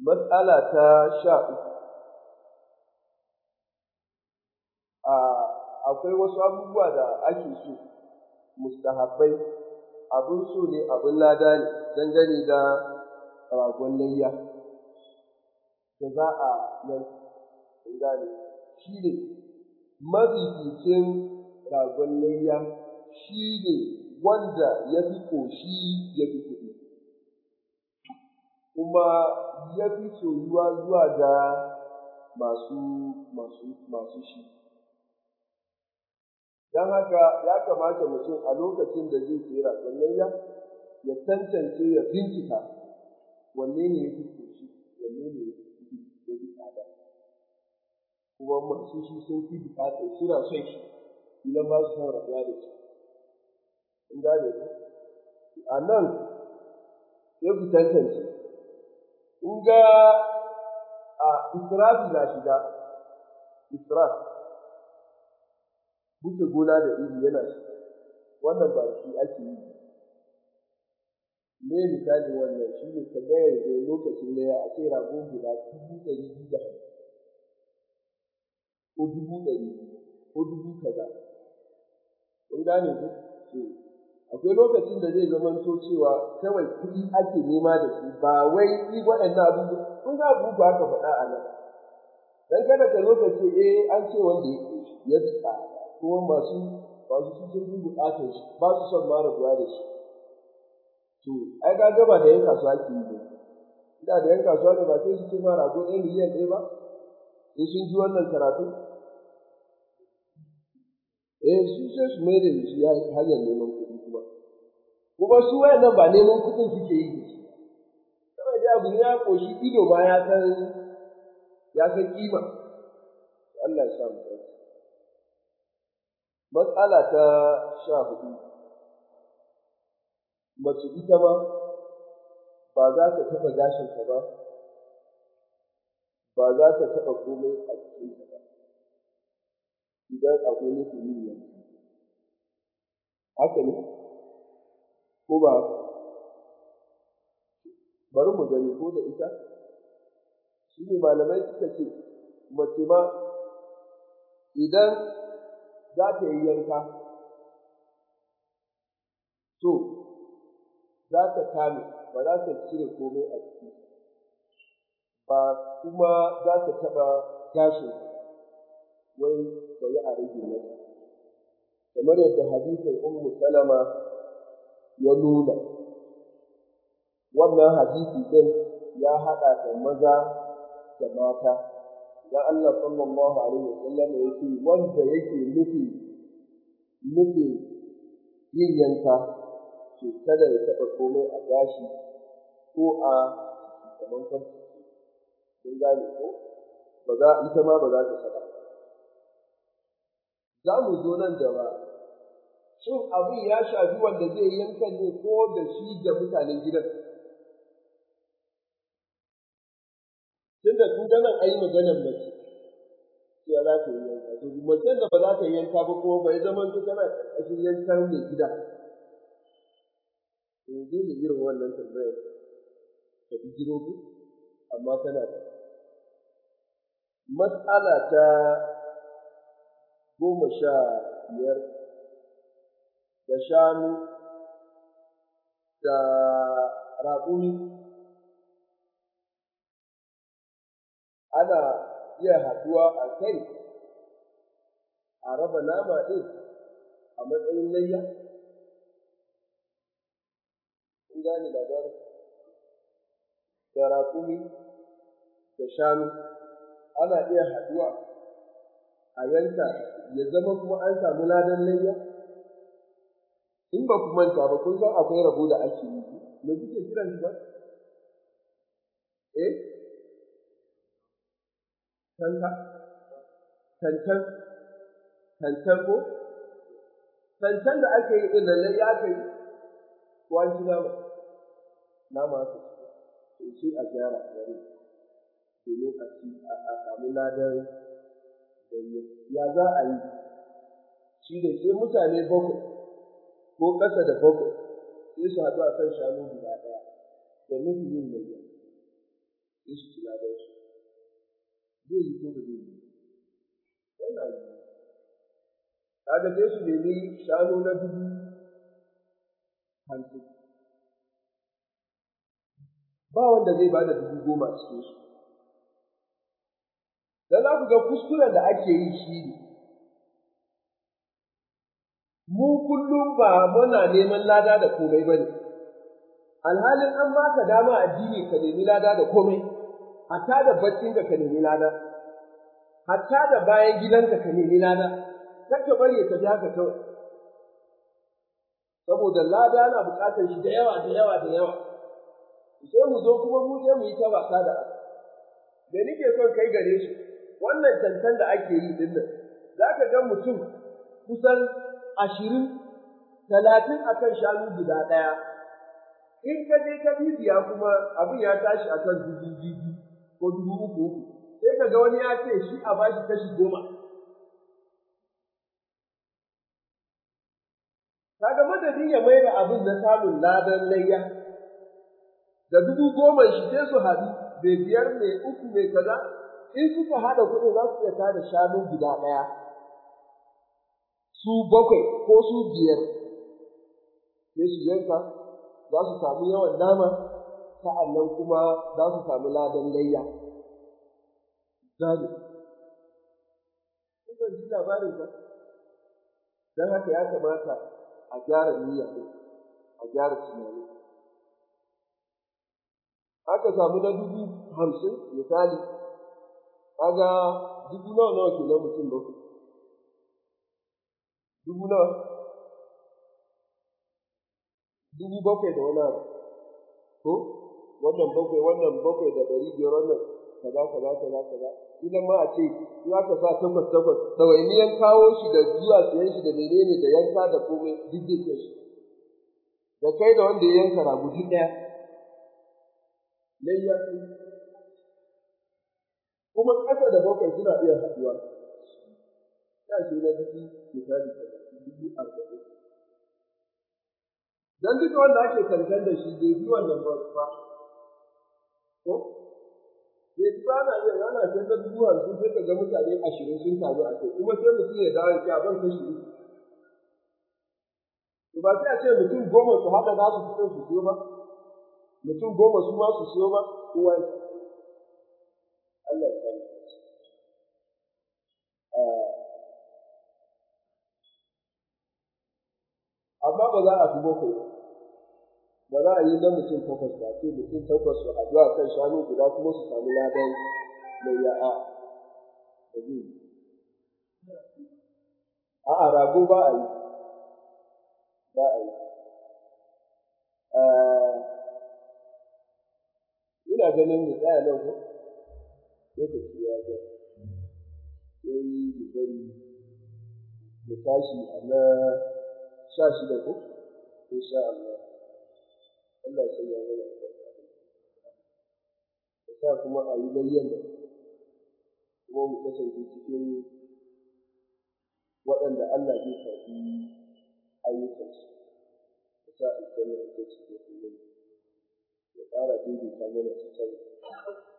Matsala ta sha uku, akwai wasu abubuwa da ake so, mustahabbai, abin so ne, abin lada ne, gani da ragon layya da za a yanka, kun gane, shi ne mafificin ragon layya shi ne wanda ya fi ƙoshi ya fi kuma ya fi soyuwa zuwa ga masu, masu, masu shi. Don haka ya kamata mutum a lokacin da zai tsira sannan ya tantance ya bincika wanne ne ya fi koshi, wanne ne ya fi tsada. Kuma masu shi sun fi bukatar suna son shi, idan ba su son rabuwa da shi. In gane ku? A nan, ya fi tantance kun ga a israfi na shiga israfi wuce gona da iri yana shi wannan ba shi ake yi me misali wannan shi ne ka ga yanzu lokacin da ya ake rago guda dubu ɗari biyu da hamsin ko dubu ɗari ko dubu kaza kun gane ku akwai lokacin da zai zama to cewa kawai kuɗi ake nema da su ba wai yi waɗannan abubuwa kun ga abu ba ka faɗa a nan dan kada ka zo ka ce eh an ce wanda ya tsaya ko masu masu cikin buƙatar shi ba su son mara rabuwa da shi to ai ka gaba da yan kasuwa ke yi ina da yan kasuwa ba sai su ce ɗaya kuma su wayannan ba neman kuɗin suke yi kawai dai abu ya koshi ido ma ya san ya san kima Allah ya sa mu matsala ta sha hudu mace ita ba, ba za ta taɓa gashinta ba ba za ta taɓa komai a cikinta ba idan akwai nufin yin yanka haka ne ko ba bari mu gani ko da ita shi ne malamai suka ce mace ma idan za ta yi yanka to za ta kame ba za ta cire komai a ciki ba kuma za ta taɓa gashin wai ba yi a rage kamar yadda hadisin ummu salama ya nuna wannan hadisi ɗin ya haɗa da maza da mata dan Allah sallallahu alaihi wasallam ya ce wanda yake nufi nufi yin yanka to kada ya taɓa komai a gashi ko a kamar kan. kun gane ko ba za ita ma ba za ta taɓa za mu zo nan gaba shin abin ya shafi wanda zai yanka ne ko da shi da mutanen gidan tunda tun da nan ayi maganar mace ya za ka yi yanka to mace da ba za ka yi yanka ba kuma bai zama to kana ƙarƙashin yanka mai gida yanzu da irin wannan tambayar ka bi ko amma kana mas'ala ta goma sha biyar da shanu da raƙumi ana iya haɗuwa a kai a raba nama ɗin a matsayin layya kun labar da raƙumi da shanu ana iya haɗuwa a yanka ya zama kuma an samu ladan layya in ba ku manta ba kun san akwai rabo da ake yi me kuke kiran ba eh tanta tantan tantan ko tantan da ake yi din lalle ya kai ko an ba nama nama su to a gyara a gare domin a ci a samu ladan ya za a yi shi da sai mutane bakwai ko ƙasa da bakwai sai su haɗu a kan shanu guda ɗaya da nufin yin layya sai su ci ladan su zai yi ko ba zai yi yana yi kaga sai su nemi shanu na dubu hamsin ba wanda zai ba da dubu goma cikin su dan za ku ga kuskuren da ake yi shi ne mu kullum ba muna neman lada da komai ba ne, alhalin an ka dama addini ka nemi lada da komai, hatta da baccin ka ka nemi lada, hatta da bayan gidanka ka nemi lada, kakka bari ka ji haka kawai. Saboda lada na buƙatar shi da yawa da yawa da yawa, sai mu zo kuma mu je mu yi ta wasa da da nike son kai gare shi, wannan tantan da ake yi dinnan, za ka ga mutum kusan ashirin talatin a kan shanu guda ɗaya in ka je ka bibiya kuma abin ya tashi a kan dubu biyu ko dubu uku uku sai ka ga wani ya ce shi a bashi kashi goma kaga madadin ya mai da abin na samun ladan layya da dubu goma shi sai su haɗu mai biyar mai uku mai kaza in suka haɗa kuɗi za su iya tada shanu guda ɗaya su bakwai ko su biyar sai su yanka za su samu yawan nama sa'annan kuma za su samu ladan layya Zane. kun ji labarin ka don haka ya kamata a gyara niyya a gyara tunani aka samu na dubu hamsin misali kaga dubu nawa nawa ke na mutum bakwai dubu nawa dubu bakwai da wani abu ko wannan bakwai wannan bakwai da ɗari biyar wannan kaza kaza kaza kaza idan ma a ce in ka sa takwas takwas ɗawainiyan kawo shi da zuwa siyan shi da menene da yanka da komai duk zai kai shi da kai da wanda ya yanka ragu duk ɗaya kai. kuma ƙasa da bakwai suna iya haɗuwa ya ce na biki misali dubu arba'in Don duka wanda ake kankan da shi bai fi wannan ba ba ko bai fi ba na yin ana canza dubu hamsin sai ka ga mutane ashirin sun taru a kai kuma sai mutum ya dawo ya ban kashi to ba sai a ce mutum goma su haɗa za su fito su siyo ba mutum goma su ma su siyo ba kowa Allah ya sani. amma ba za a fi bakwai ba za a yi na mutum takwas ba ce mutum takwas su haɗu a kan shanu guda kuma su sami ladan mai ya'a da zai yi a'a rago ba a yi ba a yi eh, ina ganin mu tsaya nan ko lokaci ya ga sai mu bari mu tashi a na sha shida ko insha Allah Allah sai ya mana Ya sa kuma a yi layyan da kuma mu kasance cikin waɗanda Allah zai karɓi ayyukansu Ya sa aljanna ya ce da kullum ya ƙara daidaita mana ta sauya